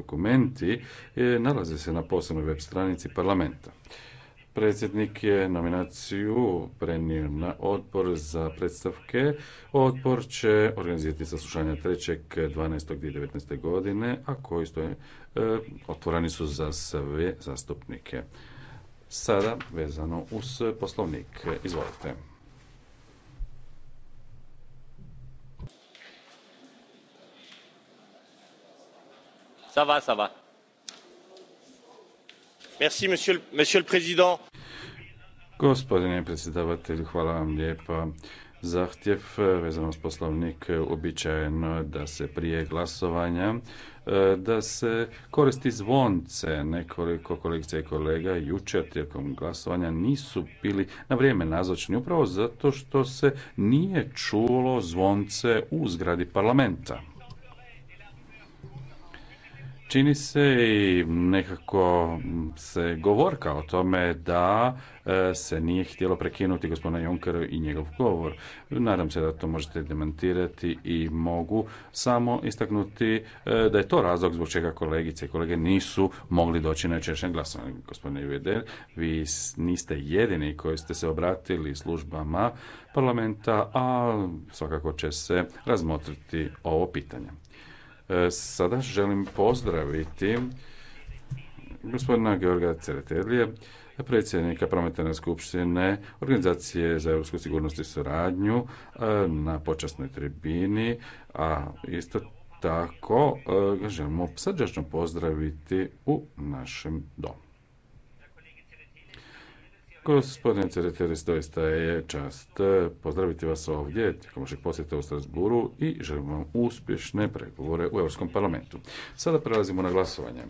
Dokumenti e, nalaze se na posebnoj web stranici parlamenta. Predsjednik je nominaciju prenio na odbor za predstavke. Odbor će organizirati saslušanja 3.12.2019. godine, a koji stoje, e, otvoreni su za sve zastupnike. Sada vezano uz poslovnik. Izvolite. Gospodine predsjedavatelju, hvala vam lijepa. Zahtjev vezano uz poslovnik uobičajeno je da se prije glasovanja e, da se koristi zvonce. Nekoliko kolegica i kolega jučer tijekom glasovanja nisu bili na vrijeme nazočni upravo zato što se nije čulo zvonce u zgradi parlamenta. Čini se i nekako se govorka o tome da e, se nije htjelo prekinuti gospodina Junkera i njegov govor. Nadam se da to možete demantirati i mogu samo istaknuti e, da je to razlog zbog čega kolegice i kolege nisu mogli doći na češnje glasovanje. Gospodine Veder, vi niste jedini koji ste se obratili službama parlamenta, a svakako će se razmotriti ovo pitanje. E, sada želim pozdraviti gospodina Georga Ceretelije, predsjednika parlamentarne skupštine Organizacije za europsku sigurnost i suradnju e, na počasnoj tribini, a isto tako e, ga želimo srdačno pozdraviti u našem domu. Gospodine Cereteres, doista je čast pozdraviti vas ovdje tijekom vašeg posjeta u Strasburu i želim vam uspješne pregovore u Europskom parlamentu. Sada prelazimo na glasovanje.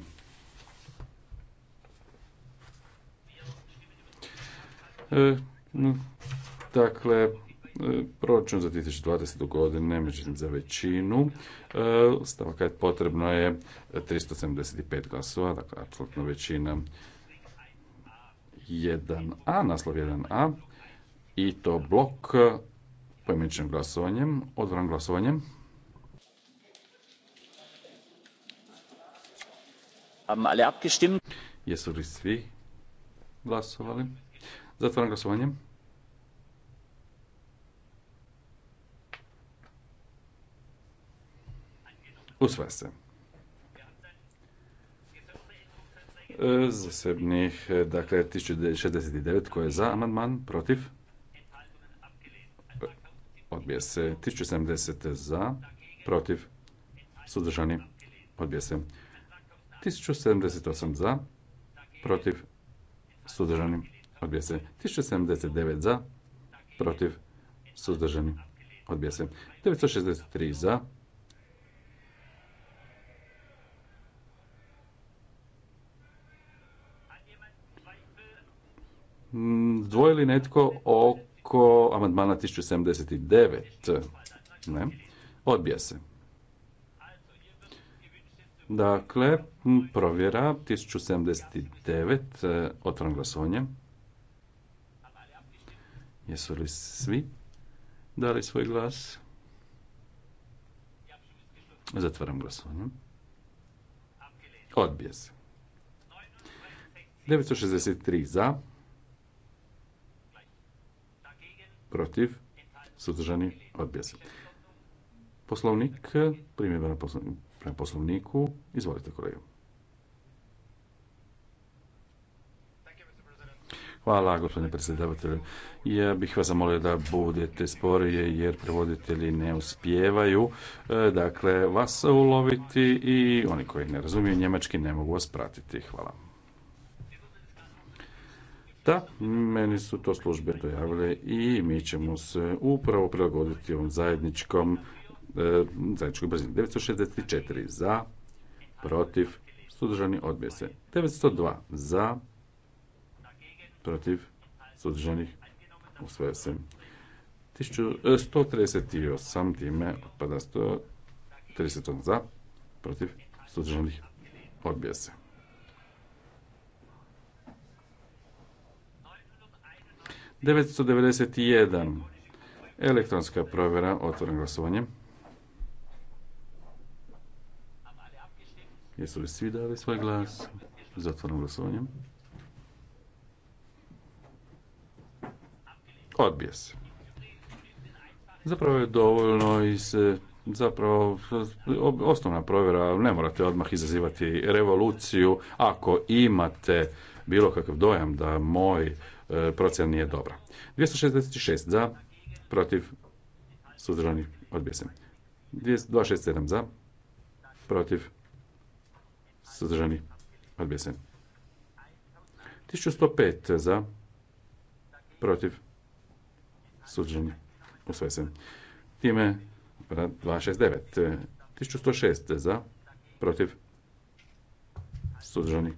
E, dakle, e, proračun za 2020. godine, međutim za većinu, e, stavaka je potrebno je 375 glasova, dakle apsolutno većina 1a, naslov 1a i to blok pojmeničnim glasovanjem, odvoran glasovanjem. Haben alle abgestimmt? Jesu li svi glasovali? Zatvoran glasovanje. Usvaja se. zasebnih, dakle 1069 koje je za amandman, protiv, odbije se 1070 za, protiv, suzdržani, odbije se 1078 za, protiv, suzdržani, odbije se 1079 za, protiv, suzdržani, odbije se 963 za, Mm, dvojili netko oko amandmana 1079? Ne. Odbija se. Dakle, provjera 1079, e, otvoram glasovanje. Jesu li svi dali svoj glas? Zatvaram glasovanje. Odbija se. 963 za, protiv, suzdržani, odbija se. Poslovnik, primjedba poslovniku, izvolite kolega. Hvala, gospodine predsjedavatelju. Ja bih vas zamolio da budete sporije jer prevoditelji ne uspijevaju. E, dakle, vas uloviti i oni koji ne razumiju njemački ne mogu vas pratiti. Hvala. Da, meni su to službe dojavile i mi ćemo se upravo prilagoditi ovom zajedničkom e, zajedničkoj brzini. 964 za, protiv, suzdržani odbije se. 902 za, protiv, sudržanih usvoja se. 138 e, time otpada 130 za, protiv, sudržanih odbije se. 991. Elektronska provjera, otvoren glasovanje. Jesu li svi dali svoj glas? Zatvoren glasovanje. Odbije se. Zapravo je dovoljno i se, zapravo osnovna provjera, ne morate odmah izazivati revoluciju ako imate bilo kakav dojam da moj E, procjena nije dobra. 266 za, protiv, suzdržani, odbija 267 za, protiv, suzdržani, odbija 1105 za, protiv, suzdržani, usvaja Time 269, pa, 1106 za, protiv, suzdržani,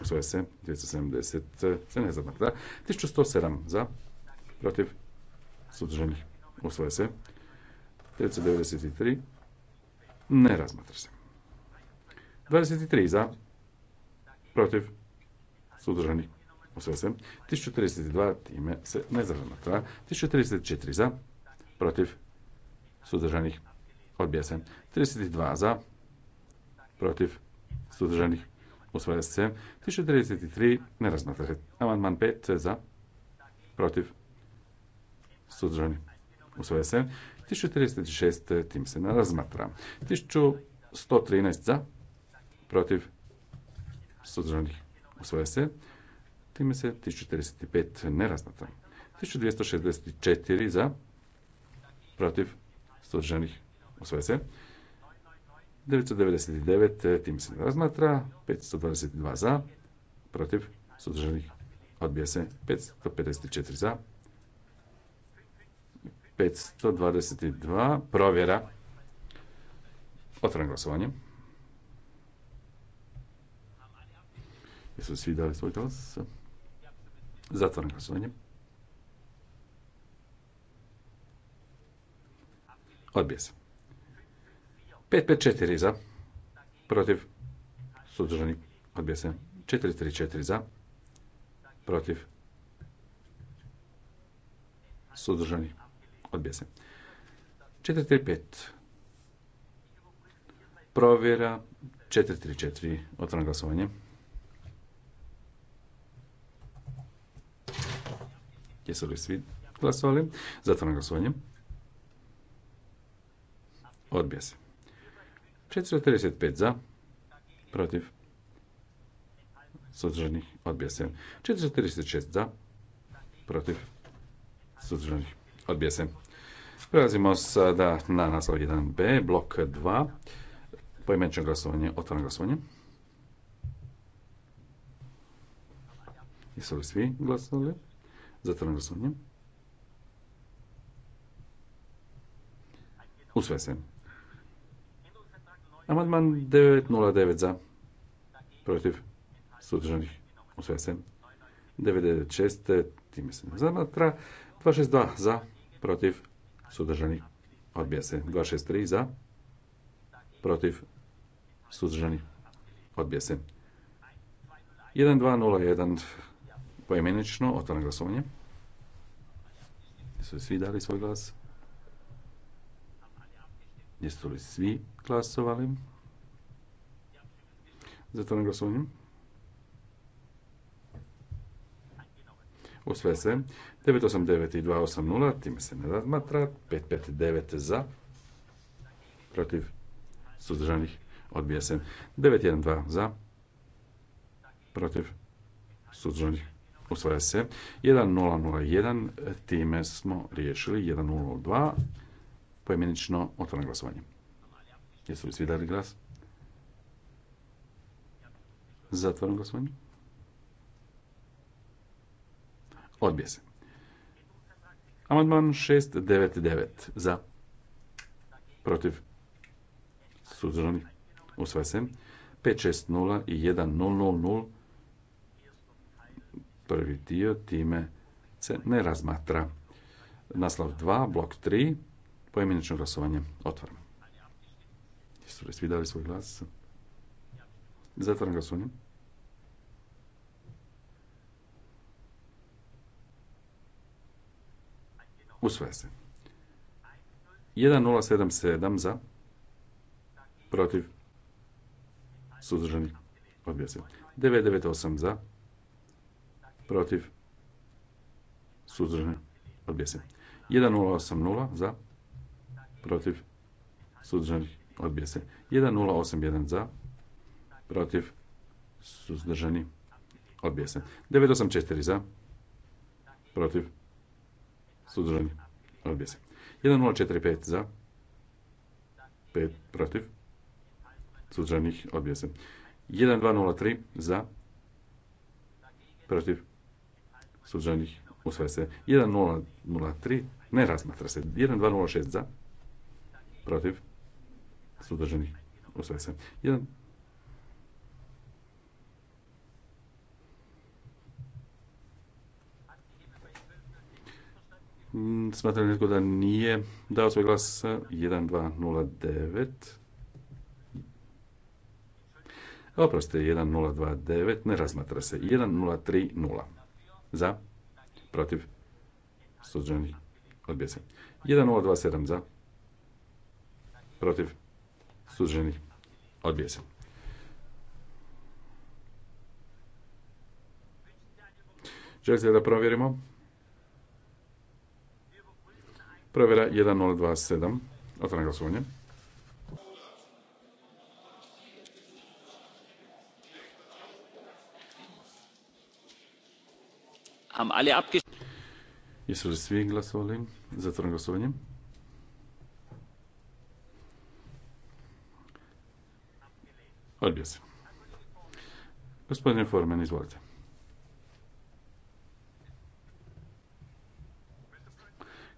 usvoja se 270 se ne da. 1107 za protiv sudrženih. usvoja se ne razmatra se 23 za protiv sudrženih. usvoja se 1042 time se ne razmatra 1034 za protiv sudrženih. odbija 32 za protiv sudrženih. Usvaja se 1033, ne razmatra se. Amandman 5 za, protiv, sudržani. Usvaja se 1036, tim se ne razmatra. 1113 za, protiv, sudržani. Usvaja se, time se 1045 ne razmatra. 1264 za, protiv, sudržani. Usvaja se. 999 e, tim se ne razmatra, 522 za, protiv suzdržanih odbija se 554 za, 522 provjera, otvoren glasovanje. Jesu svi dali svoj glas? Zatvoren glasovanje. Odbija se. 5-5-4 za. Protiv sudržani odbija se. 4-3-4 za. Protiv sudržani odbija se. 4-3-5. Provjera. 4-3-4. Otvrano glasovanje. Jesu li svi glasovali? Zatvrano glasovanje. Odbija se. 435 za, protiv, suzdržanih, odbija se. 436 za, protiv, suzdržanih, odbija se. Prelazimo sada na naslov 1b, blok 2, poimenično glasovanje, otvoreno glasovanje. Jesu li svi glasovali? Zatvoreno glasovanje. Usve se. Amandman 909 za. Protiv. Sudržanih. sve se. 996. Time se ne zamatra. 262 za. Protiv. Sudržanih. Odbija se. 263 za. Protiv. Sudržanih. Odbija se. 1201 poimenično. Otvaram glasovanje. Su svi dali svoj glas? Jesu li svi glasovali? ne glasovanje. U sve se 989 i 280, time se ne razmatra, 559 za, protiv suzdržanih odbija se, 912 za, protiv suzdržanih usvaja se, 1001, time smo riješili 102, Poimenično otvoreno glasovanje. Jesu li svi dali glas? Zatvoreno glasovanje. Odbije se. Amandman 699 za protiv suzdržanih usvaja se 560 i 1000 prvi dio time se ne razmatra naslov 2 blok 3 Poimenično glasovanje otvaram. Jesu li svi dali svoj glas? Zatvaram glasovanje. Usvaja se. 1077 za, protiv, suzdržani, odbija se. 998 za, protiv, suzdržani, odbija se. 1080 za, protiv, suzdržanih, odbija se. 1081 za, protiv, suzdržani, odbija se. 984 za, protiv, suzdržani, odbija se. 1045 za, 5 protiv, suzdržanih, odbija se. 1203 za, protiv, suzdržanih, usvaja se. 1003 ne razmatra se. 1206 za, protiv, u sve se. Jedan. Mm, Smatra li da nije dao svoj glas 1209. Oprostite, 1029 ne razmatra se. 1030 za, protiv, Suđeni. odbija se. 1027 za, protiv, suđenih odbija se. Želite da provjerimo? Provjera 1027. Otvaram glasovanje. Jesu li svi glasovali? za glasovanje. Odbio se. Gospodine Forman, izvolite.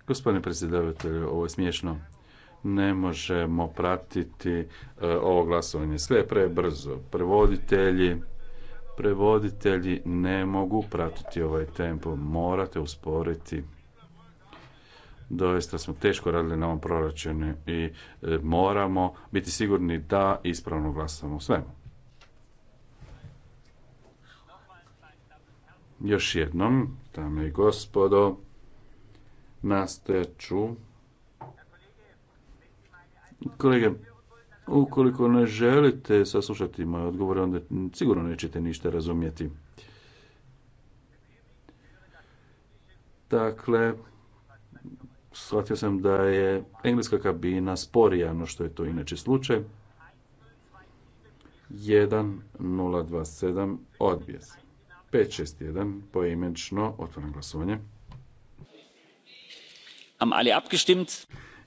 Gospodine predsjedavatelju, ovo je smiješno. Ne možemo pratiti e, ovo glasovanje. Sve je prebrzo. Prevoditelji, prevoditelji ne mogu pratiti ovaj tempo. Morate usporiti doista smo teško radili na ovom proračunu i e, moramo biti sigurni da ispravno glasamo svemu. Još jednom, dame i gospodo, nastojaću. ću. Kolege, ukoliko ne želite saslušati moje odgovore, onda sigurno nećete ništa razumjeti. Dakle, shvatio sam da je engleska kabina sporija no što je to inače slučaj. 1027 odbije se. 561 poimenčno otvoreno glasovanje. Am alle abgestimmt?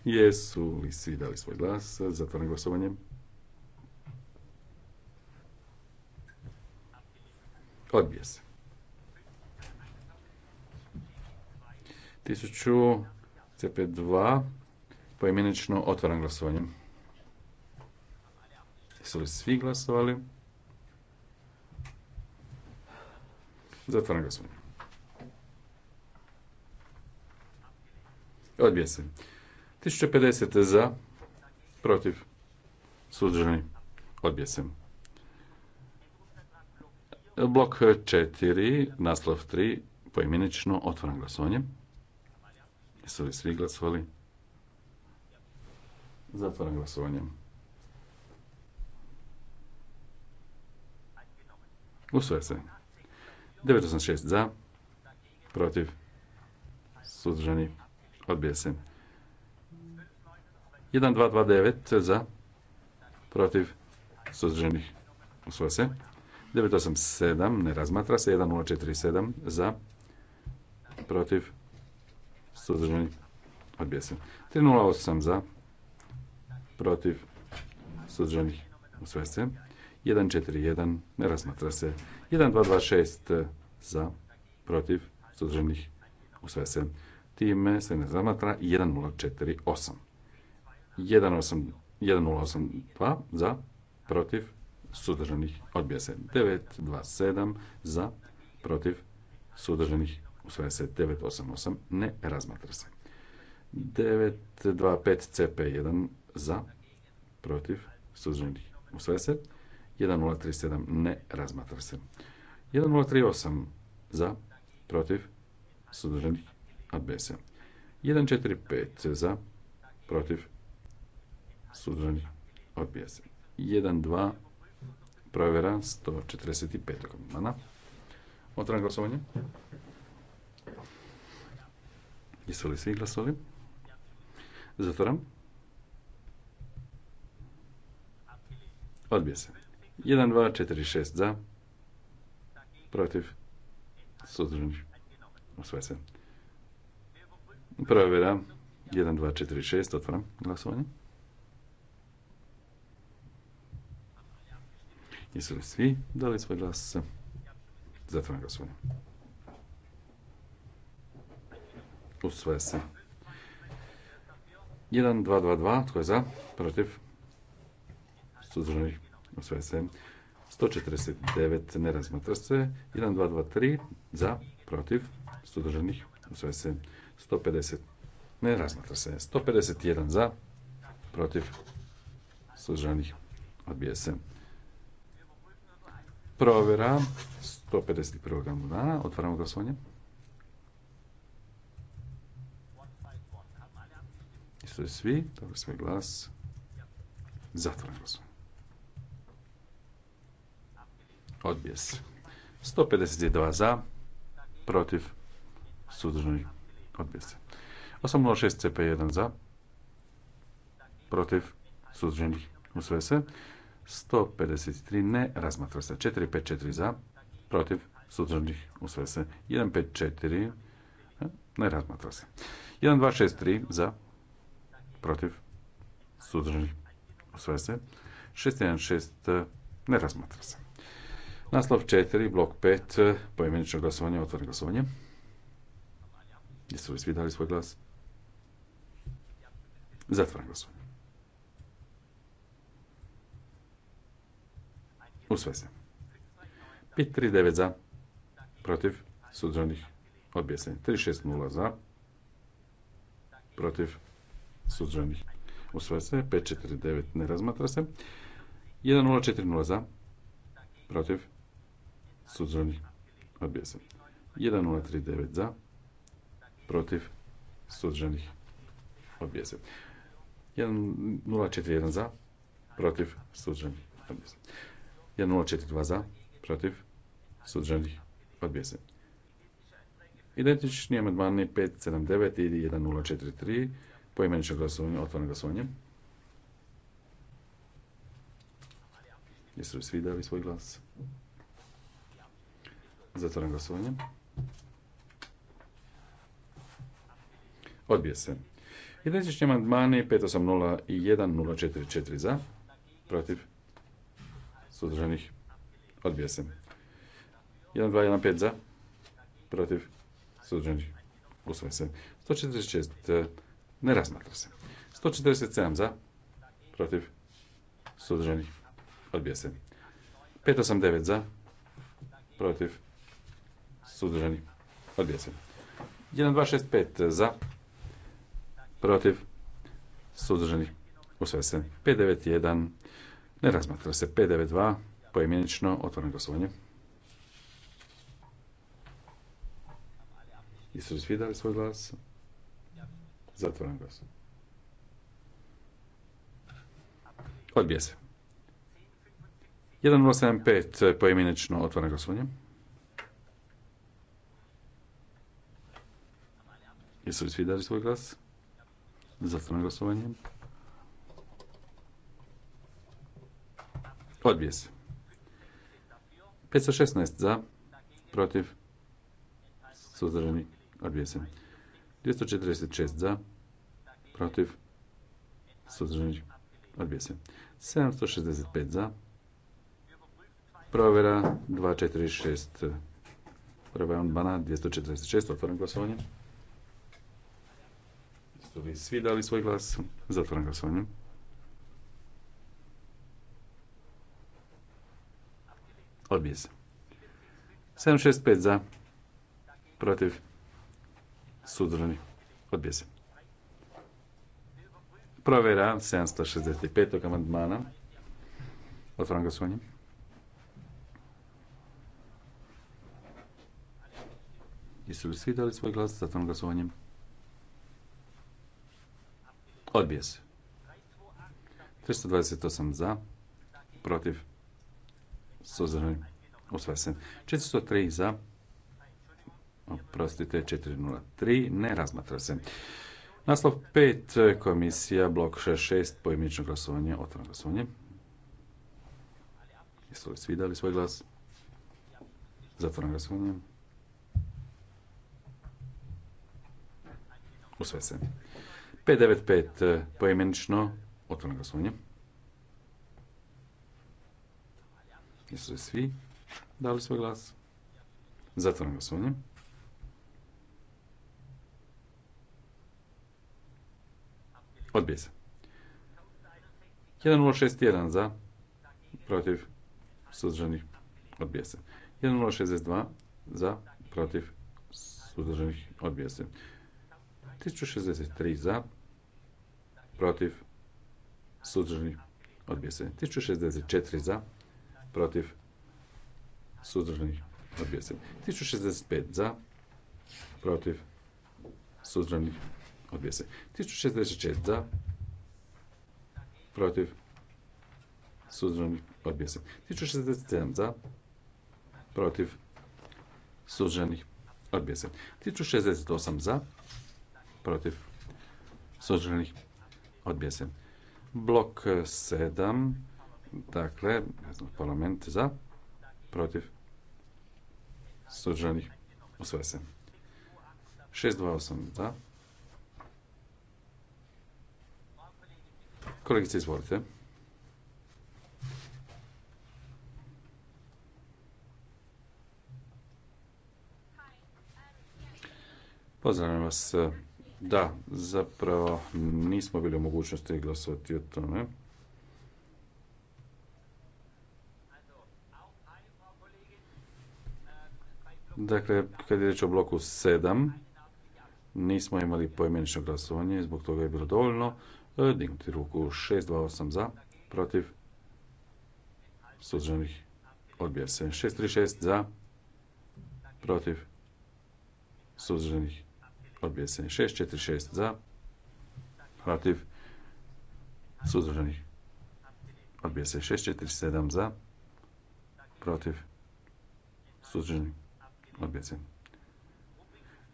Jesu li svi dali svoj glas? Zatvaram glasovanje. Odbije se p 2 poimenično otvaram glasovanje. Jesu li svi glasovali? Zatvaram glasovanje. Odbije se. 1050 za, protiv, suzdržani, odbije se. Blok 4, naslov 3, poimenično otvaram glasovanje. Jesu li svi glasovali? Zatvaram glasovanje. Usvoje se. 986 za, protiv, suzdržani, odbije se. 1229 za, protiv, suzdržanih, usvoje se. 987 ne razmatra se, 1047 za, protiv, suzdržani, odbija 308 za, protiv, sudržanih usvaja 141 ne razmatra se. 1226 za, protiv, suzdržanih, usvaja se. Time se ne razmatra 1048. 1082 za, protiv, sudržanih odbija se. 927 za, protiv, sudržanih usvaja se 988, ne razmatra se. 925 CP1 za, protiv, suzdržanih usvaja se. 1037 ne razmatra se. 1038 za, protiv, suzdržanih Odbijese. 145 za, protiv, suzdržanih odbija 1.2. 1 provjera 145. komana. glasovanje. Jesu li svi glasovali? Zatvoram. Odbije se. 1, 2, 4, 6 za. Protiv. Suzdržani. Osvaj se. vera. 1, 2, 4, 6. Otvoram glasovanje. Jesu li svi dali svoj glas? Zatvoram glasovanje. usvoje se. 1222, tko je za, protiv, suzdržanih, usvoje se. 149 ne razmatra se. 1223 za, protiv, suzdržanih, usvoje se. 150 ne razmatra se. 151 za, protiv, suzdržanih, odbije se. Provjera 151. dana, otvaramo glasovanje. svi, dobro smo glas. Zatvoren glasovanje. Odbije se. 152 za, protiv, suzdržani, odbije se. 806 CP1 za, protiv, u sve se. 153 ne, razmatra se. 454 za, protiv, u sve se. 154 ne razmatra se. 1263 za, protiv, suzdržani, u se. 616 eh, ne razmatra se. Naslov 4, blok 5, eh, poimenično glasovanje, otvoreno glasovanje. Jesu li svi dali svoj glas? za. glasovanje. Usve se. 539 za, protiv, sudržanih odbjeseni. 360 za, protiv, suzdržanih usvaja se 549 ne razmatra se 1040 za protiv suzdržanih odbija se 1039 za protiv suzdržanih odbija se 1041 za protiv suzdržanih odbija se 1042 za protiv suzdržanih odbija se identični amandmani 579 i 1043 Poimenično glasovanje, otvoreno glasovanje. Jesu li svi dali svoj glas? Zatvaram glasovanje. Odbije se. Identični amandmani 580 i 1044 za, protiv, Sudržanih. Odbije se. 1215 za, protiv, Sudržanih. usvaja se. 146 ne razmatra se. 147 za, protiv, suzdržanih, odbija 589 za, protiv, suzdržanih, odbija 1265 za, protiv, suzdržanih, usvaja se. 591, ne razmatra se. 592, poimenično, otvoreno glasovanje. Jesu li svi dali svoj glas? Zatvoran glas. Odbije se. 1075 e, poimenično otvoreno glasovanje. Jesu li svi dali svoj glas? Zatvoreno glasovanje. Odbije se. 516 za, protiv, suzdržani, odbije se. 246 za, protiv, suzdržanih, odbija se. 765 za, provjera 246, prva on bana 246, otvoren glasovanje. li svi dali svoj glas? Otvoren glasovanje. Odbije se. 765 za, protiv, sudrani Odbije se. Provera 765. amandmana. Otvaram glasovanje. Jesu li svi dali svoj glas? za glasovanjem. Odbije se. 328 za, protiv, suzrani, usvesen. 403 za, oprostite, 403, ne razmatra se. Naslov 5, komisija, blok 6, pojemnično glasovanje, otvoreno glasovanje. Jesu li svi dali svoj glas? Zatvoreno glasovanje. Usve se. 595, pojemenično, otvoreno glasovanje. Jesu li svi dali svoj glas? Zatvoreno glasovanje. Odbije se. 1061 za, protiv, suzdržanih, odbije se. 1062 za, protiv, suzdržanih, odbije se. 1063 za, protiv, suzdržanih, odbije se. 1064 za, protiv, suzdržanih, odbije se. 1065 za, protiv, suzdržanih, odbije se. za, protiv, suzdržani, odbije 1067 za, protiv, suzdržani, odbije 1068 za, protiv, suđenih odbije Blok 7, dakle, parlament za, protiv, suđenih usvoje 628 za, Kolegice, izvolite. Pozdravljam vas. Da, zapravo nismo bili u mogućnosti glasovati o tome. Dakle, kad je riječ o bloku 7, nismo imali poimenično glasovanje, zbog toga je bilo dovoljno dignuti ruku 6-2-8 za protiv suđenih odbija se. 6-3-6 za protiv suđenih odbija se. 6-4-6 za protiv suđenih odbija se. 6-4-7 za protiv suđenih odbija se.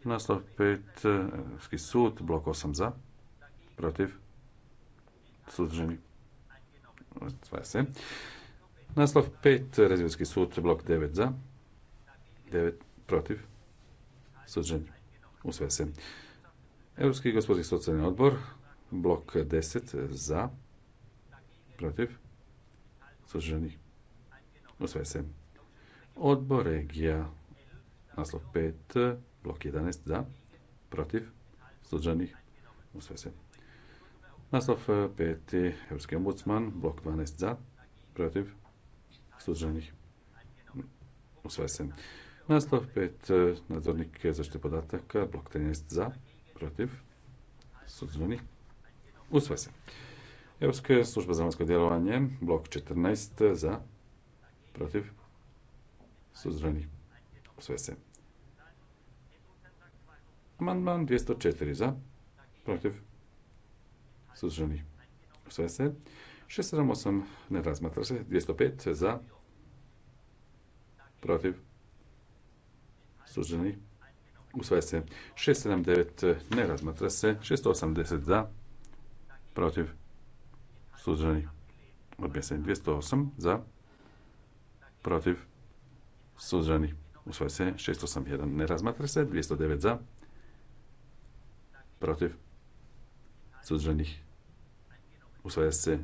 Naslov 5, Evropski sud, blok 8 za protiv suzdržani sve se. Naslov 5, Rezervski sud, blok 9 za, 9 protiv, u sve se. Europski gospodin socijalni odbor, blok 10 za, protiv, u sve se. Odbor regija, naslov 5, blok 11 za, protiv, u sve se. Naslov e, peti, Europski ombudsman, blok 12 za, protiv, suzdržanih, usvaja se. Naslov pet, e, nadzornik zaštite podataka, blok 13 za, protiv, suzdržanih, usvaja se. služba službe za vanjsko djelovanje, blok 14 za, protiv, suzdržanih, usvaja se. Amandman 204 za, protiv, suzdržani, se. 678 ne razmatra se, 205 za, protiv, suzdržani, usvaja se. 679 ne razmatra se, 680 za, protiv, suzdržani, odbija se. 208 za, protiv, suzdržani, usvaja se. 681 ne razmatra se, 209 za, protiv, suzdržanih Usvaja se.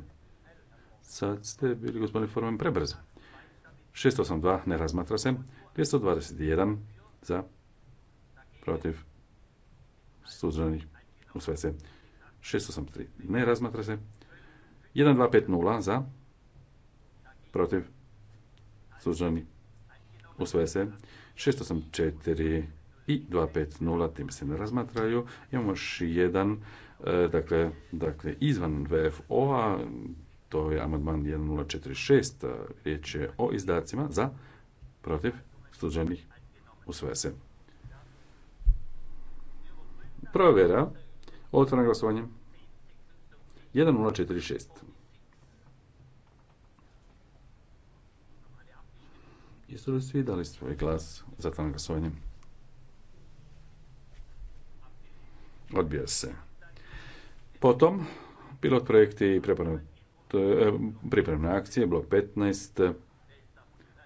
Sad ste bili, gospodine Forman, prebrzo. 682 ne razmatra se. 221 za protiv u usvaja se. 683 ne razmatra se. 1250 za protiv Sužani. usvaja se. 684 i 250, tim se ne razmatraju. Imamo još jedan, e, dakle, dakle izvan VFO-a, to je amandman 1046, e, riječ je o izdacima za protiv u svese. se. Provjera, otvoreno glasovanje, 1046. Jesu li svi dali svoj glas za tamo glasovanje? Odbija se. Potom, pilot projekti i pripremne e, akcije, blok 15,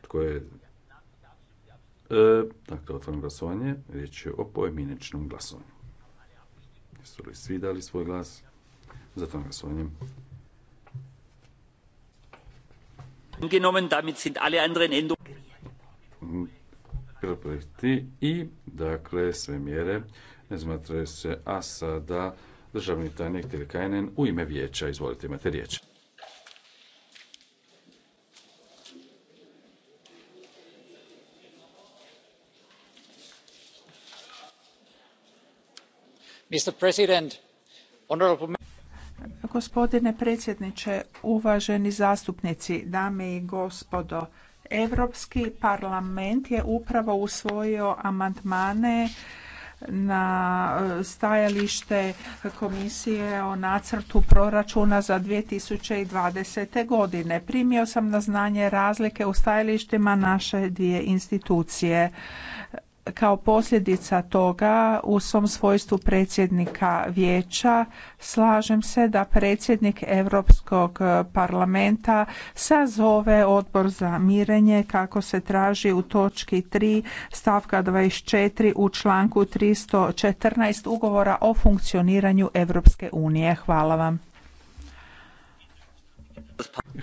tko je e, dakle, otvoreno glasovanje, riječ je o pojedinačnom glasovanju. Jesu li svi dali svoj glas? za glasovanje. damit I, dakle, sve mjere ne se, a sada državni tajnik Tilkajnen u ime vijeća. Izvolite, imate riječ. Mr. President, honorable... Gospodine predsjedniče, uvaženi zastupnici, dame i gospodo, Europski parlament je upravo usvojio amandmane na e, stajalište komisije o nacrtu proračuna za 2020. godine. Primio sam na znanje razlike u stajalištima naše dvije institucije kao posljedica toga u svom svojstvu predsjednika vijeća slažem se da predsjednik Europskog parlamenta sazove odbor za mirenje kako se traži u točki 3 stavka 24 u članku 314 ugovora o funkcioniranju Europske unije. Hvala vam.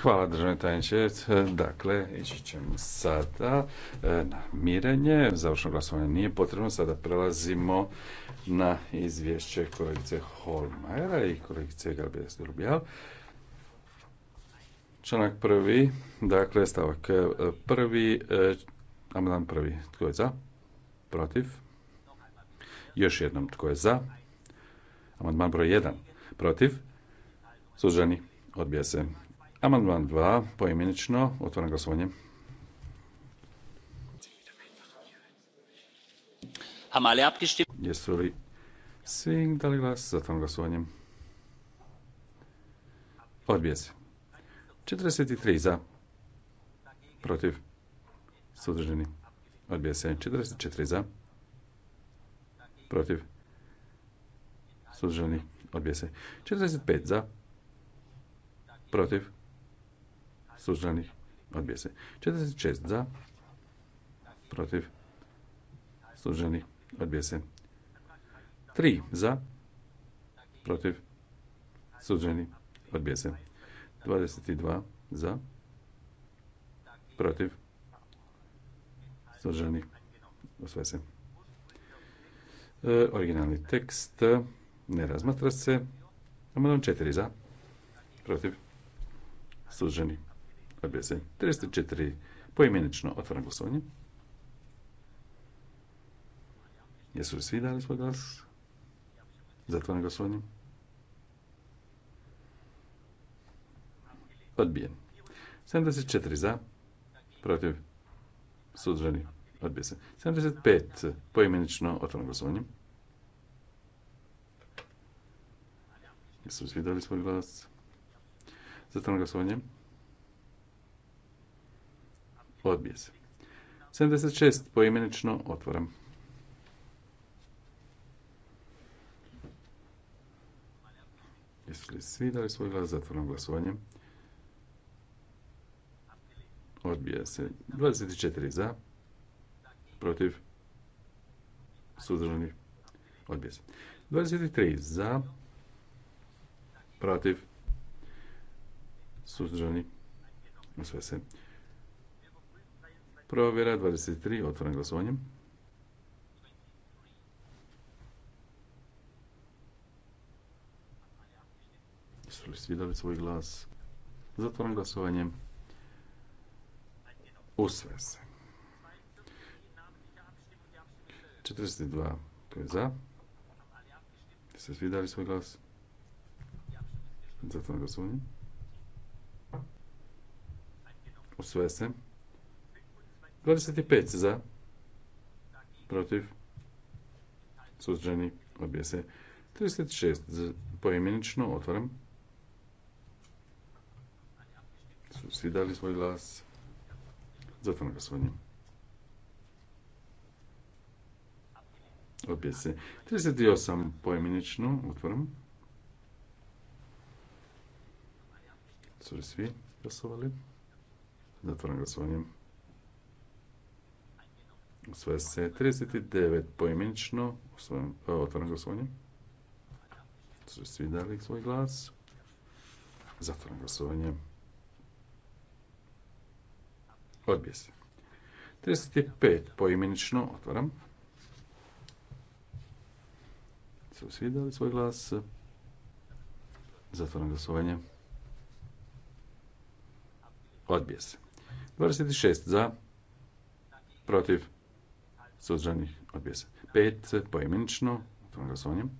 Hvala državni tajniče. Dakle, ići ćemo sada e, na mirenje. Završno glasovanje nije potrebno. Sada prelazimo na izvješće kolegice Holmajera i kolegice Gabriela Rubijal. Članak prvi, dakle stavak prvi, e, amandman prvi, tko je za? Protiv? Još jednom, tko je za? Amandman broj jedan, protiv? Suženi. Odbija se. Amandman 2, poimenično, otvoreno glasovanje. Jesu li svi dali glas? tom glasovanje. Odbije se. 43 za. Protiv. Sudrženi. Odbije se. 44 za. Protiv. Sudrženi. Odbije se. 45 za. Protiv suzdržanih odbjese. 46 za, protiv suzdržanih odbjese. 3 za, protiv suzdržanih odbjese. 22 za, protiv suzdržanih odbjese. se. E, originalni tekst ne razmatra se. 4 za, protiv suzdržanih Odbija se. 34 poimenično otvoreno glasovanje. Jesu li svi dali svoj glas? Otvoreno glasovanje. Odbijen. 74 za, protiv, suženi odbije se. 75 poimenično otvoreno glasovanje. Jesu li svi dali svoj glas? Otvoreno glasovanje. Odbije se. 76 poimenično otvaram. Jesu li svi dali svoj glas zatvornom glasovanjem? Odbija se. 24 za. Protiv. Suzdržani. Odbija se. 23 za. Protiv. Suzdržani. Sve se. Provjera 23, otvoren glasovanjem. Jesu li svi dali svoj glas? Zatvoren glasovanjem. Usve se. 42 To je za. Jeste svi dali svoj glas? Zatvoren glasovanjem. Usve se. 25 za, protiv, suzdržani, odbija se. 36 za, poimenično, otvaram. Su svi dali svoj glas. Zatvorno glasovanje. Odbija se. 38 poimenično, otvaram. Su svi glasovali? Zatvorno glasovanje. Sve se 39 poimenično. E, otvaram glasovanje. Su svi dali svoj glas. Zatvaram glasovanje. Odbije se. 35 poimenično. Otvaram. Su svi dali svoj glas. Zatvaram glasovanje. Odbije se. 26 za, protiv, suzdržanih od se. Pet, poimenično, tom glasovanjem.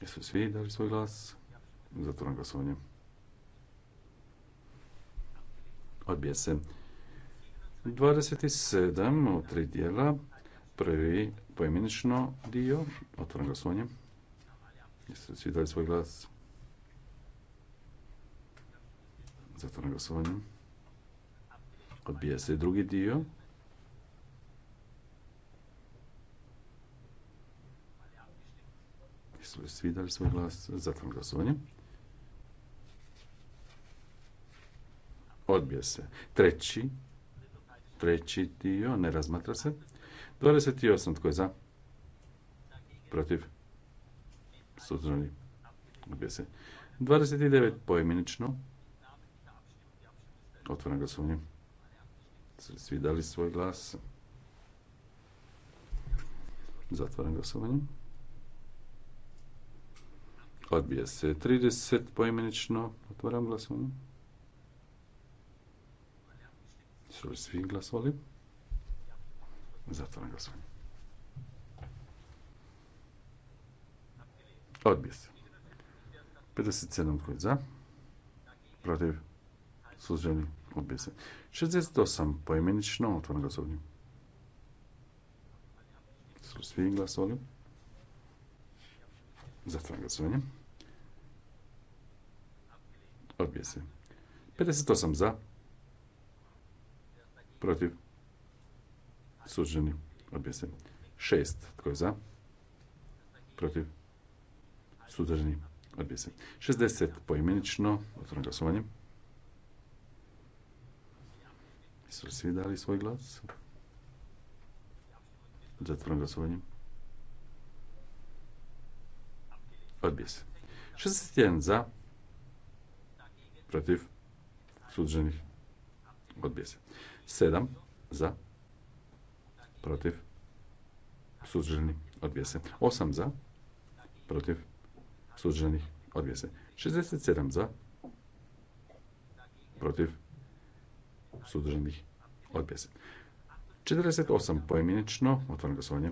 Jesu svi dali svoj glas? za glasovanjem. Od 27 u tri dijela. Prvi poimenično dio, otvorim glasovanjem. Jesu svi dali svoj glas? Zatvorim glasovanjem. Odbija se drugi dio. svi dali svoj glas, zatvaram glasovanje. Odbija se. Treći, treći dio, ne razmatra se. 28, tko je za? Protiv? Suzdržani? Odbija se. 29, poimenično. Otvaram glasovanje. Svi dali svoj glas. Zatvaram glasovanje. Odbija se 30 poimenično. Otvaram glasovanje. Su li svi glasovali? Zatvaram glasovanje. Odbija se. 57 koji za. Protiv. suženi Odbija se. 68 poimenično. Otvaram glasovanje. Su li svi glasovali? Zatvaram glasovanje. Odbije se. 58 za. Protiv. Suđeni. Odbije se. 6. Tko je za? Protiv. Suđeni. Odbije se. 60 poimenično. Otvorno glasovanje. Jesu li svi dali svoj glas? Zatvorno glasovanje. Odbije se. 61 za protiv, suzdržanih, odbije Sedam 7 za, protiv, suzdržanih, odbije 8 za, protiv, suzdržanih, odbije 67 za, protiv, suzdržanih, odbije se. 48 poimenično, otvorno glasovanje.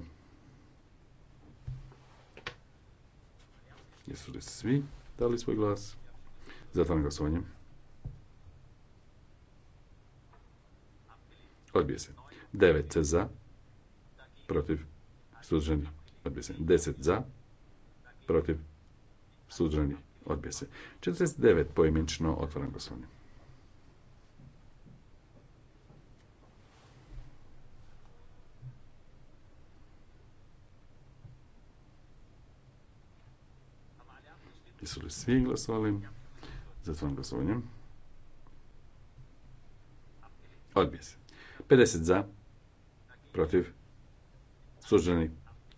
Jesu li svi dali svoj glas? Zatvaram glasovanje. Odbije se. 9 za, protiv, suzdržani, odbije se. 10 za, protiv, suzdržani, odbije se. 49 poimenično otvaram glasovanje. Jesu li svi glasovali? Zatvorim glasovanjem. Odbije se. 50 za, protiv, suđeni,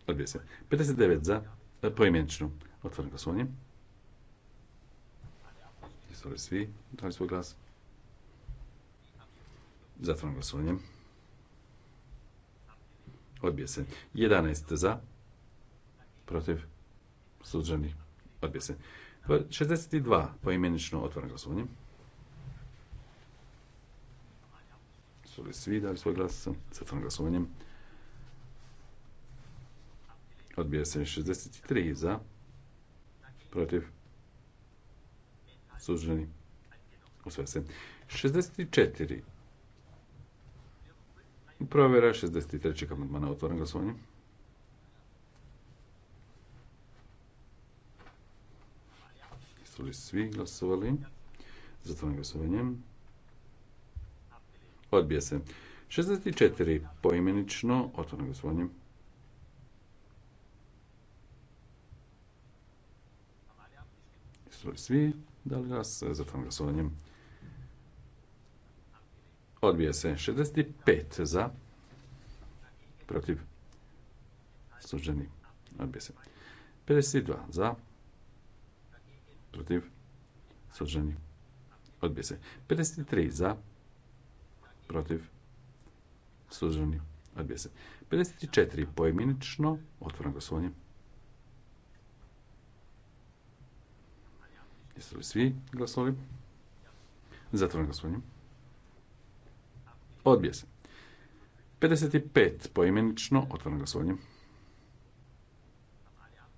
odbije se. 59 za, e, poimenično. Otvorim glasovanje. Jesu li svi dali svoj glas? Zatvorim glasovanje. Odbije se. 11 za, protiv, suđeni, odbije se. 62. Pa, poimenično otvoreno glasovanje. Su li svi dali svoj glas? otvorenim glasovanjem. Odbija se 63 za. Protiv. suženi, sve se. 64. Provjera 63. kamadmana otvoreno glasovanje. Su li svi glasovali? Zatvorim glasovanje. Odbija se. 64 poimenično. Otvorim glasovanje. Su li svi dali glas? Zatvorim glasovanje. Odbija se. 65 za. Protiv. Suđeni. Odbija se. 52 za protiv, suzdržani, odbije se. 53 za, protiv, suzdržani, odbije se. 54 poimenično, otvoreno glasovanje. Jesu li svi glasovali? Zatvoreno glasovanje. Odbije se. 55 poimenično, otvoreno glasovanje.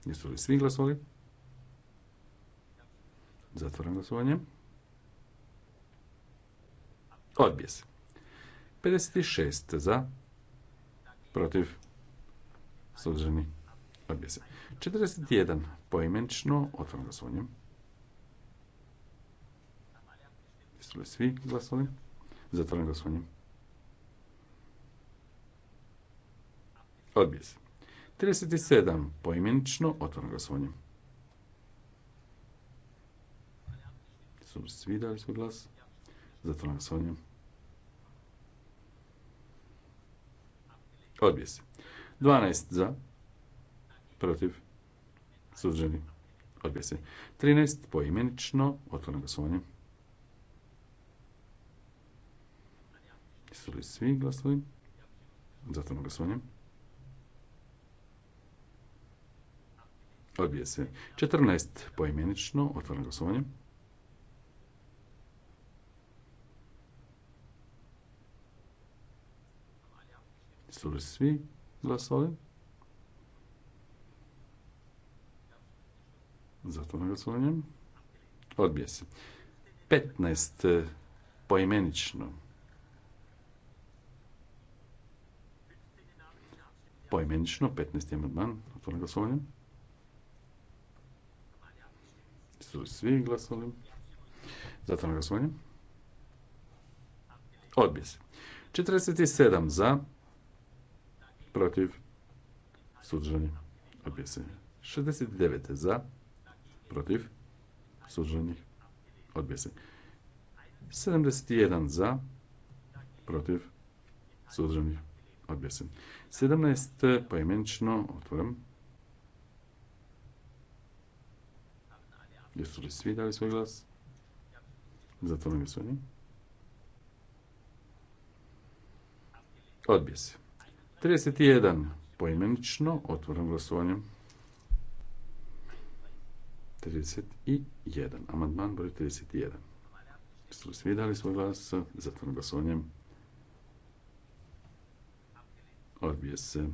Jesu li svi glasovali? Zatvoram glasovanje. Odbije se. 56 za, protiv, suzdržani, odbije se. 41 poimenično, otvoram glasovanje. Jesu li svi glasovali? Zatvoram glasovanje. Odbije se. 37 poimenično, otvoram glasovanje. Su svi dali svoj glas? Zatvaram glasovanje. Odbije se. 12 za, protiv, suđeni, odbije se. 13 poimenično, otvoreno glasovanje. Jesu li svi glasovali? Zatvoreno glasovanje. Odbije se. 14 poimenično, otvoreno glasovanje. Su li svi Zato na glasovanje. Odbije se. 15 e, poimenično. Poimenično, 15. amandman, na glasovanje. Su svi Zato na glasovanje. Odbije se. 47 za, protiv, suzdržani, odbija 69 za, protiv, suzdržani, odbija 71 za, protiv, suzdržani, odbija 17 poimenično otvoram. Jesu li svi dali svoj glas? Zatvorim glasovanje. Odbija 31. Poimenično otvoram glasovanje. 31. Amandman broj 31. Jeste svi dali svoj glas? Zatvoram glasovanje. Odbije se.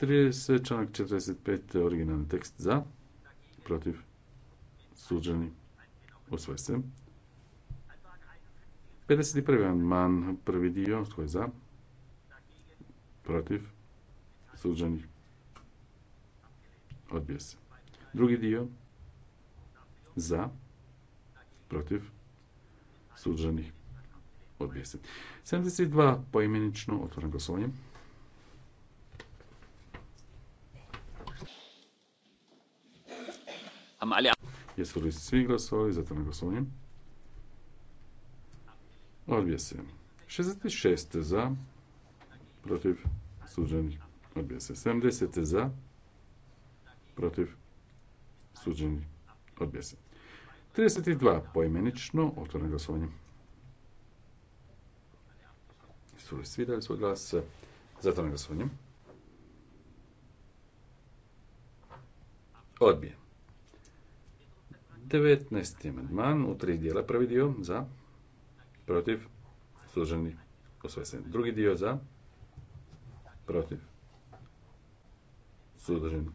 30. Članak 45. Originalni tekst za. Protiv. Suđeni. Usvoje se. 51. amandman, prvi dio, tko je za? protiv, suđenih odbija se. Drugi dio, za, protiv, suđenih odbija se. 72 poimenično otvoren glasovanje. Jesu li svi glasovali za glasovanje? Odbija se. 66 za, protiv, suđenih. odbija se. 70 za, protiv, suđeni, odbija se. 32 poimenično, otvoreno glasovanje. Su li svi dali svoj glas? Zatvoreno glasovanje. Odbijen. 19. amandman u tri dijela. Prvi dio za, protiv, suzdržani, se. Drugi dio za, protiv suzdržan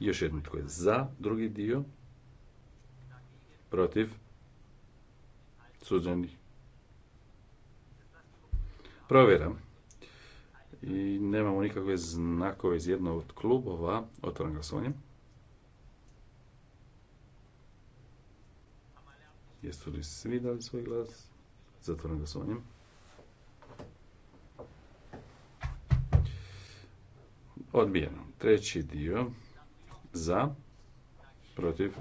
još jedno tko je za drugi dio protiv suzdržanih provjeram i nemamo nikakve znakove iz jednog od klubova otvaram sonjem. Jesu li svi dali svoj glas? s glasovanjem. Odbijeno. Treći dio za, protiv,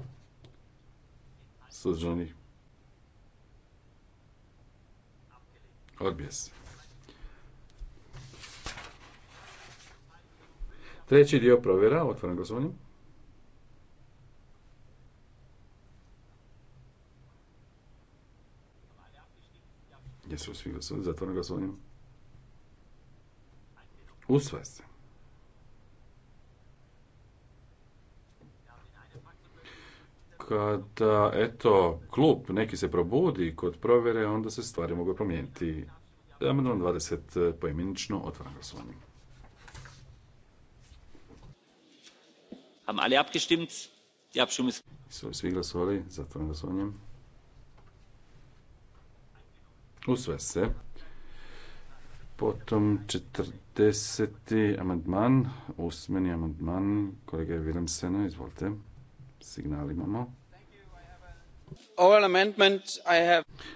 suzdržanih. Odbija se. Treći dio provjera, otvoren gospodin. Jesu svi gospodin. zatvoren gospodin. Usvaja se. kada eto klub neki se probudi kod provjere onda se stvari mogu promijeniti. Amandman 20 e, poimenično otvaram glasovanje. Haben alle abgestimmt? Die Abstimmung ist... svi glasovali? Zatvaram glasovanje. Usve se. Potom 40. amandman, usmeni amandman, kolega Vilemsena, izvolite signal imamo.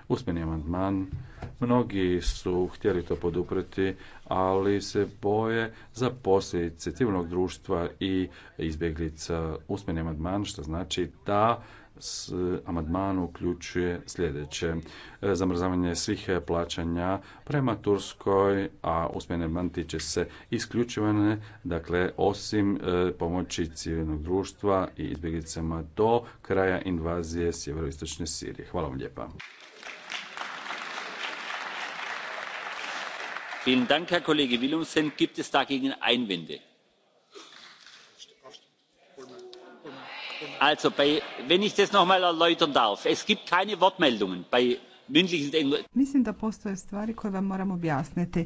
Usmeni amandman. Mnogi su htjeli to podupreti, ali se boje za posljedice civilnog društva i izbjeglica usmeni amandman, što znači da s amandman uključuje sljedeće. E, zamrzavanje svih plaćanja prema Turskoj, a usmjene amandman tiče se isključivane, dakle, osim e, pomoći civilnog društva i izbjeglicama do kraja invazije sjeveroistočne Sirije. Hvala vam lijepa. Vielen Dank, Herr Willumsen. Gibt es dagegen Einwände? also wenn ich das noch erläutern darf es gibt keine wortmeldungen bei mislim da postoje stvari koje vam moram objasniti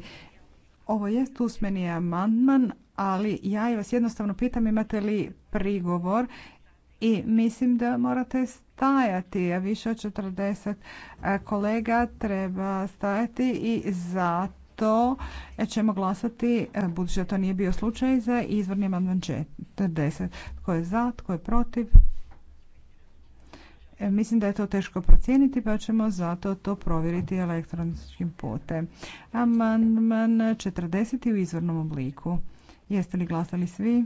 ovo jest usmeni amandman ali ja vas jednostavno pitam imate li prigovor i mislim da morate stajati a više od 40 eh, kolega treba stajati i zato to ćemo glasati, e, budući da to nije bio slučaj, za izvorni amandman 40. Tko je za, tko je protiv? E, mislim da je to teško procijeniti, pa ćemo zato to provjeriti elektronskim putem. Amandman 40. u izvornom obliku. Jeste li glasali svi?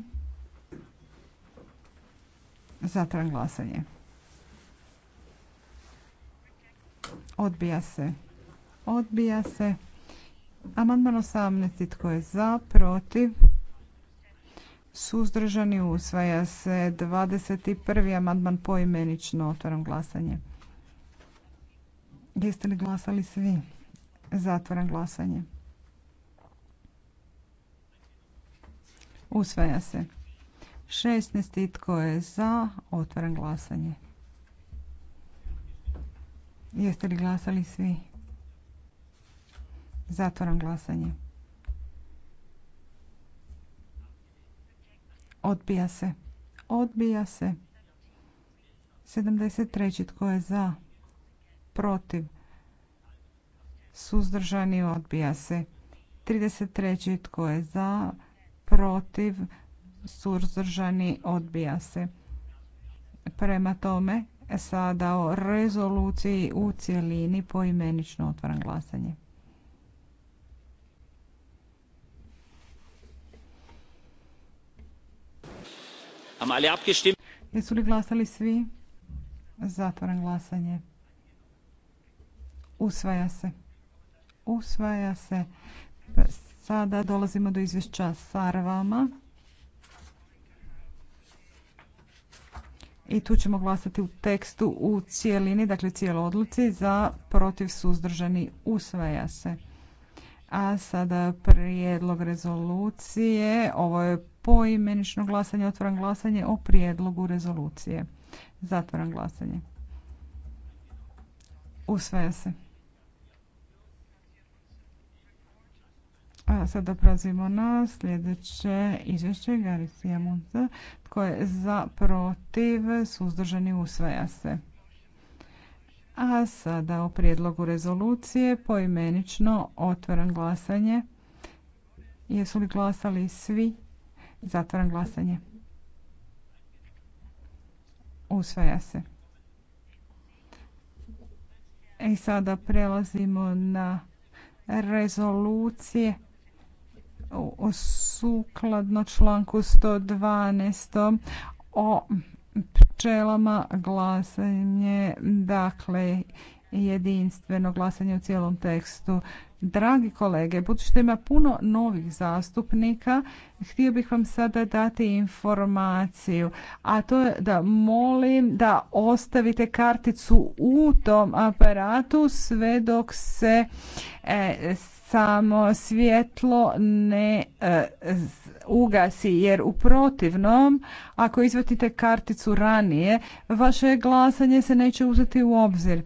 Zatran glasanje. Odbija se. Odbija se. Amandman 18. Tko je za? Protiv? Suzdržani usvaja se. 21. Amandman poimenično. Otvaram glasanje. Jeste li glasali svi? Zatvaram glasanje. Usvaja se. 16. Tko je za? Otvaram glasanje. Jeste li glasali svi? Zatvoram glasanje. Odbija se. Odbija se. 73. Tko je za? Protiv. Suzdržani odbija se. 33. Tko je za? Protiv. Suzdržani odbija se. Prema tome, sada o rezoluciji u cjelini poimenično otvaram glasanje. Jesu li glasali svi? Zatvoren glasanje. Usvaja se. Usvaja se. Sada dolazimo do izvješća Sarvama. I tu ćemo glasati u tekstu u cijelini, dakle cijelo odluci za protiv suzdržani usvaja se. A sada prijedlog rezolucije. Ovo je poimenično glasanje, otvaram glasanje o prijedlogu rezolucije. Zatvaram glasanje. Usvaja se. A sada prazimo na sljedeće izvješće Garisija Munza. Tko je za, protiv, suzdržani, usvaja se. A sada o prijedlogu rezolucije poimenično otvaram glasanje. Jesu li glasali svi? Zatvaram glasanje. Usvaja se. I e, sada prelazimo na rezolucije o sukladno članku 112. o pčelama glasanje dakle jedinstveno glasanje u cijelom tekstu. Dragi kolege, budući da ima puno novih zastupnika, htio bih vam sada dati informaciju, a to je da molim da ostavite karticu u tom aparatu sve dok se e, samo svjetlo ne e, ugasi jer u protivnom ako izvatite karticu ranije vaše glasanje se neće uzeti u obzir.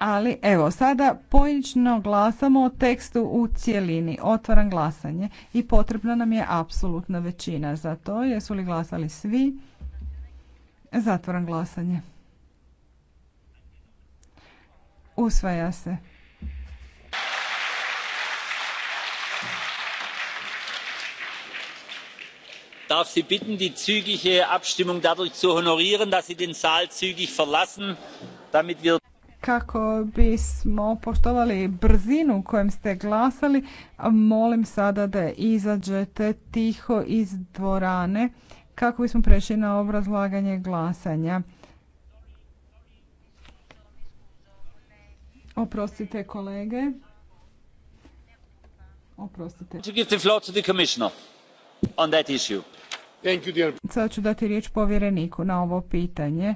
Ali evo, sada pojedinačno glasamo o tekstu u cijelini Otvaram glasanje i potrebna nam je apsolutna većina za to. Jesu li glasali svi? Zatvaram glasanje. Usvaja se. darf sie bitten die zügige abstimmung dadurch zu honorieren dass sie den saal zügig verlassen damit wir kako bismo poštovali brzinu kojem ste glasali, molim sada da izađete tiho iz dvorane kako bismo prešli na obrazlaganje glasanja. Oprostite kolege. Oprostite. Sad ću dati riječ povjereniku na ovo pitanje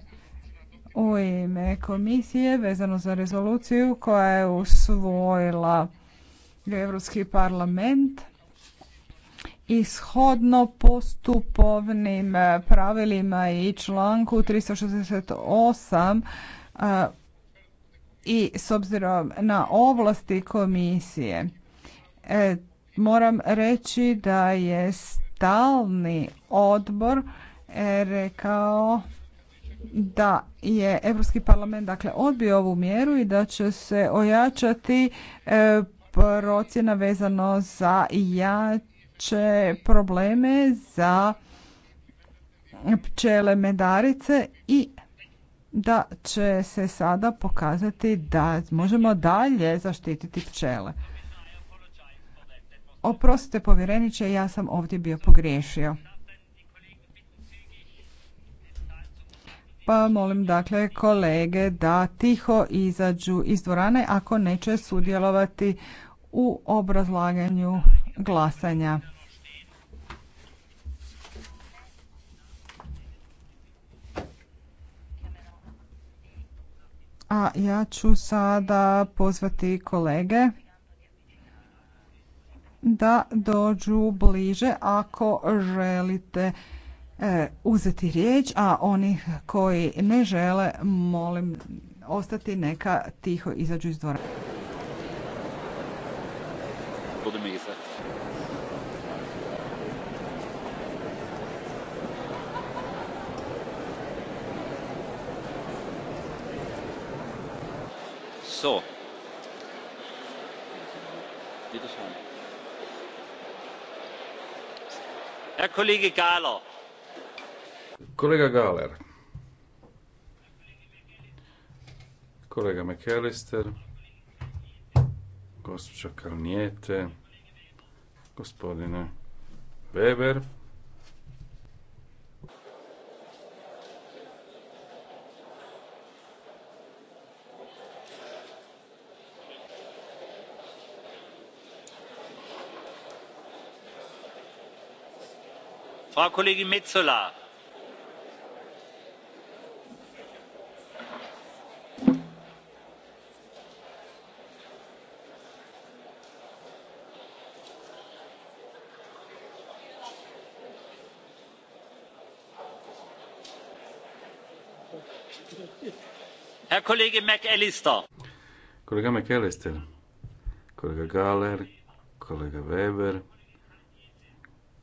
u ime komisije vezano za rezoluciju koja je usvojila Europski parlament ishodno postupovnim eh, pravilima i članku 368 eh, i s obzirom na ovlasti komisije eh, moram reći da je stalni odbor rekao da je Europski parlament dakle odbio ovu mjeru i da će se ojačati e, procjena vezano za jače probleme za pčele medarice i da će se sada pokazati da možemo dalje zaštititi pčele. Oprostite povjereniče, ja sam ovdje bio pogriješio. pa molim dakle kolege da tiho izađu iz dvorane ako neće sudjelovati u obrazlaganju glasanja. A ja ću sada pozvati kolege da dođu bliže ako želite E, uzeti riječ, a onih koji ne žele, molim ostati neka tiho izađu iz dvora. So. Herr Kollege Kolega Galer. Kolega McAllister. Gospođa Kalnijete. Gospodine Weber. Frau Kollegin Metzola. Herr Kollege McAllister. Kolega McAllister, kolega Galer, kolega Weber,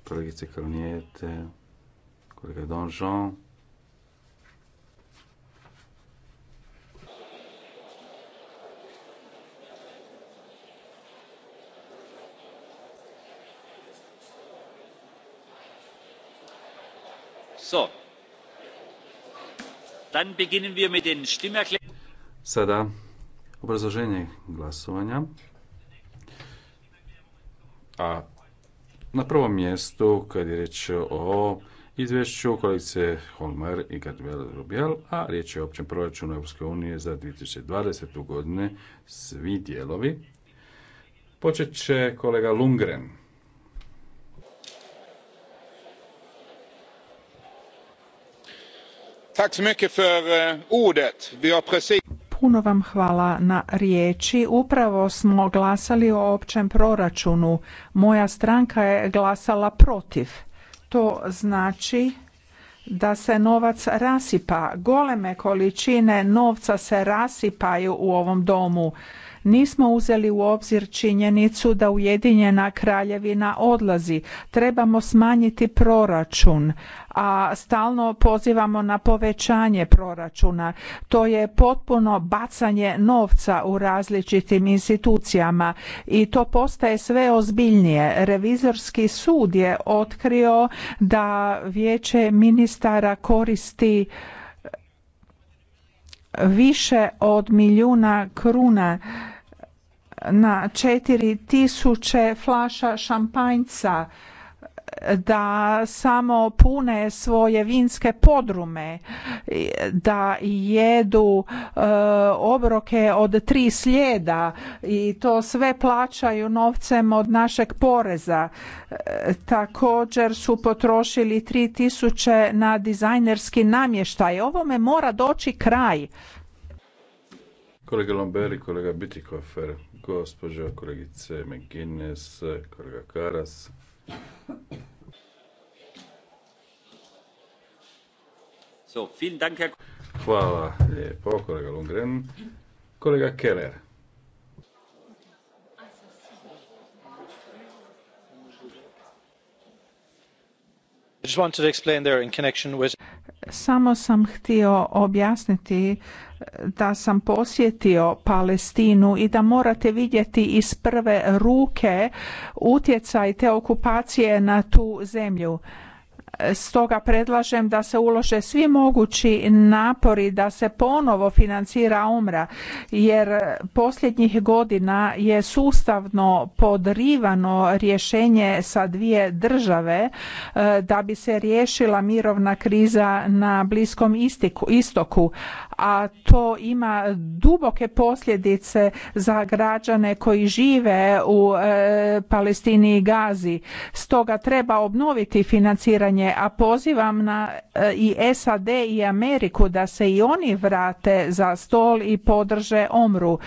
kolegice Kalnijete, kolega Donjon. So. Dann beginnen wir mit den Stimmerklärungen. Sada obrazloženje glasovanja. A na prvom mjestu, kad je riječ o izvješću kolegice Holmer i Gabriel Rubijal, a riječ je o općem proračunu Europske unije za 2020. godine, svi dijelovi. Počet će kolega Lundgren. Tack så mycket för eh, Vi har precis Puno vam hvala na riječi. Upravo smo glasali o općem proračunu. Moja stranka je glasala protiv. To znači da se novac rasipa. Goleme količine novca se rasipaju u ovom domu. Nismo uzeli u obzir činjenicu da Ujedinjena kraljevina odlazi. Trebamo smanjiti proračun, a stalno pozivamo na povećanje proračuna. To je potpuno bacanje novca u različitim institucijama i to postaje sve ozbiljnije. Revizorski sud je otkrio da vijeće ministara koristi više od milijuna kruna na 4000 flaša šampanjca da samo pune svoje vinske podrume da jedu e, obroke od tri slijeda i to sve plaćaju novcem od našeg poreza e, također su potrošili tri tisuće na dizajnerski namještaj ovome mora doći kraj kolega Lomberi, kolega Bitikofer gospođo kolegice McGuinness, kolega Karas. So, vielen Dank, Herr... Hvala lijepo, kolega Lundgren. Kolega Keller. Just wanted to explain there in connection with... Samo sam htio objasniti da sam posjetio Palestinu i da morate vidjeti iz prve ruke utjecaj te okupacije na tu zemlju. Stoga predlažem da se ulože svi mogući napori da se ponovo financira umra jer posljednjih godina je sustavno podrivano rješenje sa dvije države e, da bi se riješila mirovna kriza na Bliskom istoku, a to ima duboke posljedice za građane koji žive u e, Palestini i Gazi. Stoga treba obnoviti financiranje pitanje, a pozivam na eh, i SAD i Ameriku da se i oni vrate za stol i podrže Omru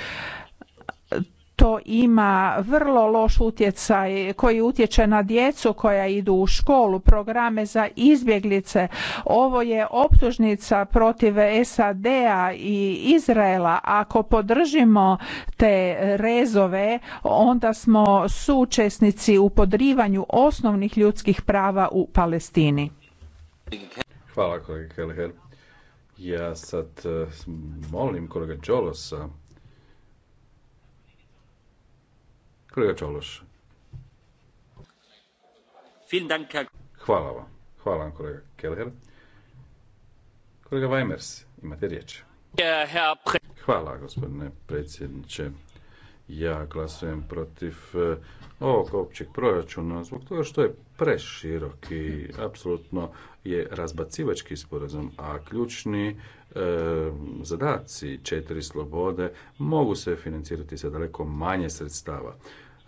to ima vrlo loš utjecaj koji utječe na djecu koja idu u školu, programe za izbjeglice. Ovo je optužnica protiv SAD-a i Izraela. Ako podržimo te rezove, onda smo sučesnici u podrivanju osnovnih ljudskih prava u Palestini. Hvala kolega Ja sad eh, molim kolega Kolega Čološ. Hvala vam. Hvala vam, kolega Kelher. Kolega Weimers, imate riječ. Hvala, gospodine predsjedniče. Ja glasujem protiv eh, ovog općeg proračuna zbog toga što je preširok i apsolutno je razbacivački sporazum, a ključni zadaci četiri slobode mogu se financirati sa daleko manje sredstava.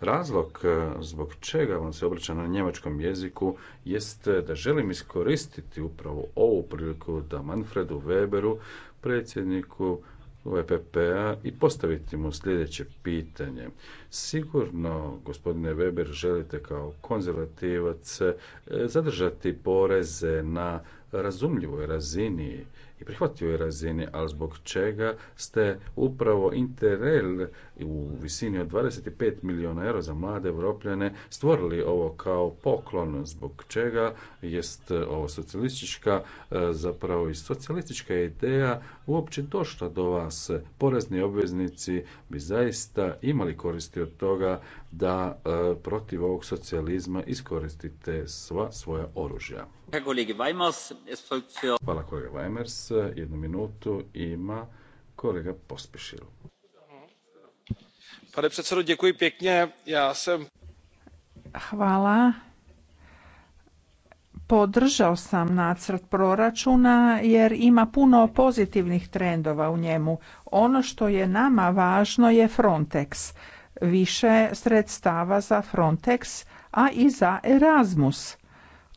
Razlog e, zbog čega vam se obraća na njemačkom jeziku jest e, da želim iskoristiti upravo ovu priliku da Manfredu Weberu, predsjedniku EPP-a i postaviti mu sljedeće pitanje. Sigurno, gospodine Weber, želite kao konzervativac eh, zadržati poreze na razumljivoj razini i prihvatljivoj razini, ali zbog čega ste upravo Interrail u visini od 25 milijuna eura za mlade Evropljane stvorili ovo kao poklon, zbog čega jest eh, ovo socijalistička, eh, zapravo i socijalistička ideja uopće došla do vas. Porezni obveznici bi zaista imali koristi od toga da e, protiv ovog socijalizma iskoristite sva svoja oružja. Hvala kolega Weimers. Jednu minutu ima kolega Pospišil. Pane predsedo, Hvala. Podržao sam nacrt proračuna jer ima puno pozitivnih trendova u njemu. Ono što je nama važno je Frontex više sredstava za Frontex, a i za Erasmus.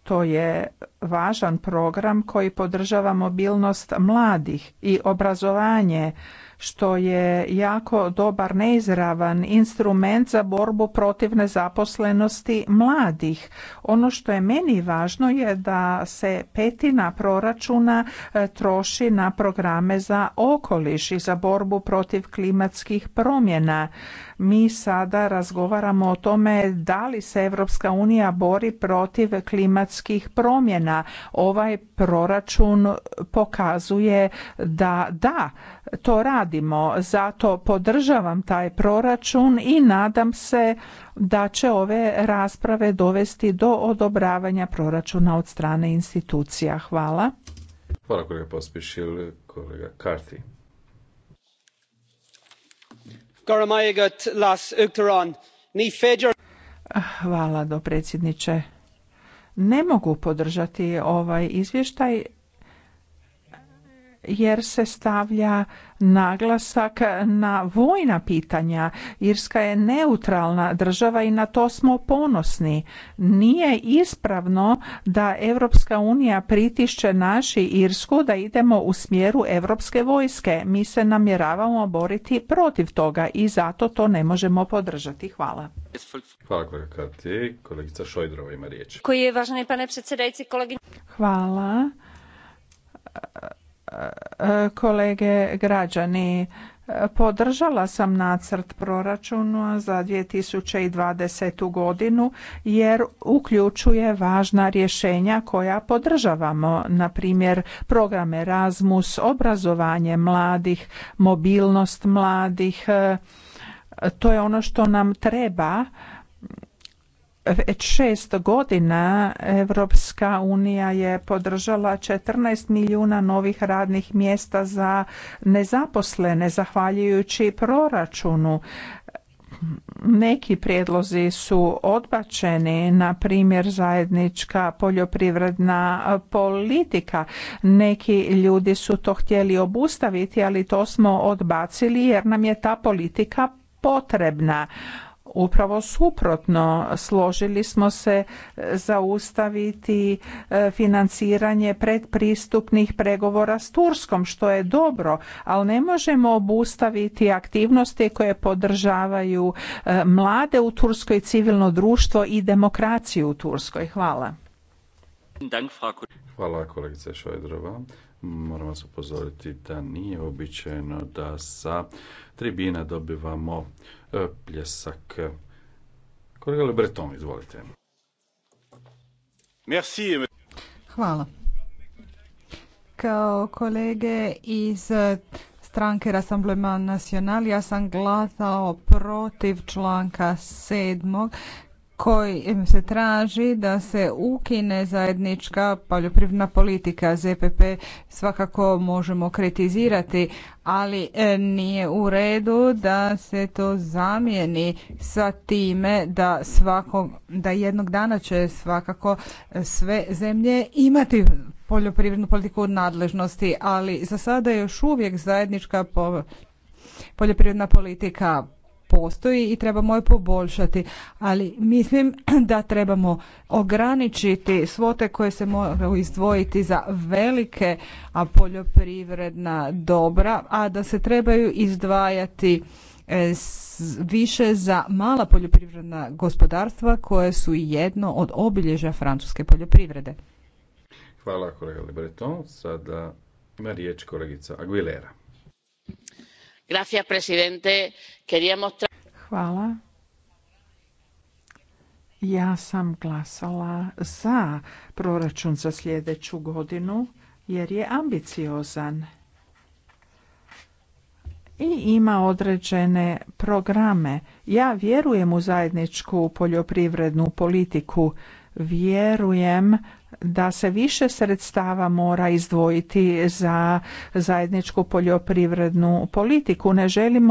To je važan program koji podržava mobilnost mladih i obrazovanje, što je jako dobar neizravan instrument za borbu protiv nezaposlenosti mladih. Ono što je meni važno je da se petina proračuna e, troši na programe za okoliš i za borbu protiv klimatskih promjena. Mi sada razgovaramo o tome da li se Europska unija bori protiv klimatskih promjena. Ovaj proračun pokazuje da da, to radimo. Zato podržavam taj proračun i nadam se da će ove rasprave dovesti do odobravanja proračuna od strane institucija. Hvala. Hvala kolega Pospišil, kolega Karti. Hvala dopredsjedniče. Ne mogu podržati ovaj izvještaj jer se stavlja naglasak na vojna pitanja. Irska je neutralna država i na to smo ponosni. Nije ispravno da Evropska unija pritišće naši Irsku da idemo u smjeru europske vojske. Mi se namjeravamo boriti protiv toga i zato to ne možemo podržati. Hvala. Hvala je pane Hvala kolege građani. Podržala sam nacrt proračuna za 2020. godinu jer uključuje važna rješenja koja podržavamo, na primjer program Erasmus, obrazovanje mladih, mobilnost mladih. To je ono što nam treba već šest godina Europska unija je podržala 14 milijuna novih radnih mjesta za nezaposlene zahvaljujući proračunu. Neki prijedlozi su odbačeni, na primjer zajednička poljoprivredna politika. Neki ljudi su to htjeli obustaviti, ali to smo odbacili jer nam je ta politika potrebna Upravo suprotno, složili smo se e, zaustaviti e, financiranje predpristupnih pregovora s Turskom, što je dobro, ali ne možemo obustaviti aktivnosti koje podržavaju e, mlade u Turskoj, civilno društvo i demokraciju u Turskoj. Hvala. Hvala kolegice Šojdrova. Moram vas upozoriti da nije običajno da sa tribina dobivamo e, pljesak. Kolega Le Breton, izvolite. Hvala. Kao kolege iz stranke Rassemblement National ja sam glasao protiv članka sedmog kojim se traži da se ukine zajednička poljoprivredna politika ZPP svakako možemo kritizirati ali e, nije u redu da se to zamijeni sa time da svakog da jednog dana će svakako e, sve zemlje imati poljoprivrednu politiku u nadležnosti ali za sada još uvijek zajednička poljoprivredna politika postoji i trebamo je poboljšati. Ali mislim da trebamo ograničiti svote koje se moraju izdvojiti za velike a poljoprivredna dobra, a da se trebaju izdvajati e, više za mala poljoprivredna gospodarstva koje su jedno od obilježja francuske poljoprivrede. Hvala kolega Sada riječ kolegica Aguilera. Gracias, presidente. Hvala. Ja sam glasala za proračun za sljedeću godinu jer je ambiciozan i ima određene programe. Ja vjerujem u zajedničku poljoprivrednu politiku. Vjerujem da se više sredstava mora izdvojiti za zajedničku poljoprivrednu politiku. Ne želimo